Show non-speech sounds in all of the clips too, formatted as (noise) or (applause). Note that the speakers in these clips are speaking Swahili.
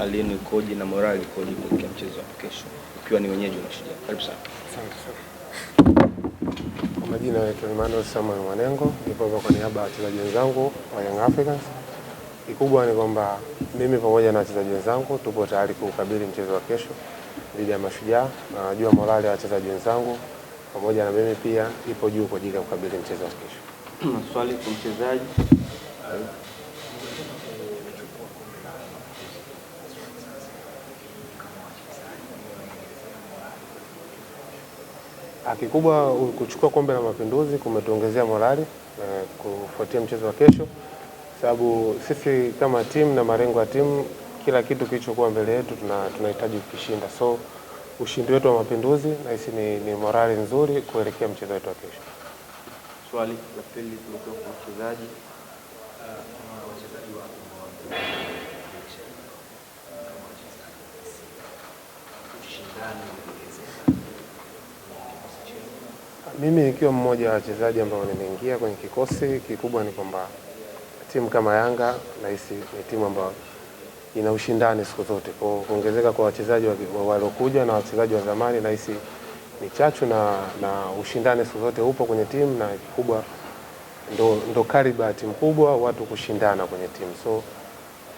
alieni ukoje na morali ikoje kuelekea mchezo wa kesho, ukiwa ni wenyeji wa unashinda? Karibu sana. Asante sana. Kwa majina naitwa Emmanuel Samuel Mwanengo, nipo hapa kwa niaba ya wachezaji wenzangu wa Young Africans. Kikubwa ni kwamba mimi pamoja na wachezaji wenzangu tupo tayari kuukabili mchezo wa kesho dhidi ya Mashujaa. Najua morali ya wachezaji wenzangu pamoja na mimi pia ipo juu kwa ajili ya kukabili mchezo wa kesho. Maswali (clears throat) kwa mchezaji Kikubwa kuchukua kombe la mapinduzi kumetuongezea morali eh, kufuatia mchezo wa kesho, sababu sisi kama timu na malengo ya timu, kila kitu kilichokuwa mbele yetu tunahitaji tuna kushinda. so ushindi wetu wa mapinduzi nahisi ni, ni morali nzuri kuelekea mchezo wetu wa kesho. Swali la pili kutoka kwa mchezaji mimi nikiwa mmoja wa wachezaji ambao nimeingia kwenye kikosi kikubwa, ni kwamba timu kama Yanga nahisi ni timu ambayo ina ushindani siku zote. Kwa kuongezeka kwa wachezaji waliokuja na wachezaji wa zamani, nahisi ni chachu na, na ushindani siku zote upo kwenye timu, na kikubwa ndo, ndo kariba ya timu kubwa, watu kushindana kwenye timu, so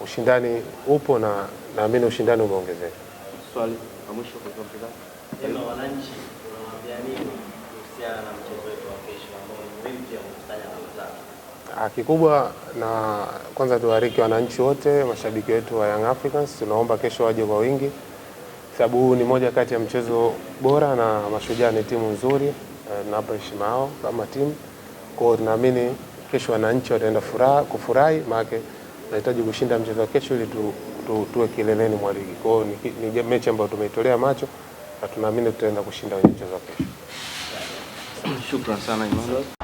ushindani upo na naamini ushindani umeongezeka. Swali la mwisho kwa mchezaji, wananchi unawaambia nini? kuhusiana na mchezo wetu wa kesho ambao ni muhimu pia kukusanya alama Kikubwa na kwanza, tuwariki wananchi wote, mashabiki wetu wa Young Africans, tunaomba kesho waje kwa wingi, sababu huu ni moja kati ya mchezo bora na Mashujaa ni timu nzuri eh, na hapa heshima yao kama timu kwao. Tunaamini kesho wananchi wataenda furaha kufurahi, maana tunahitaji kushinda mchezo wa kesho ili tu, tu, tuwe kileleni mwa ligi. Kwao ni, ni mechi ambayo tumeitolea macho na tunaamini tutaenda kushinda kwenye mchezo kesho. syukran sana imam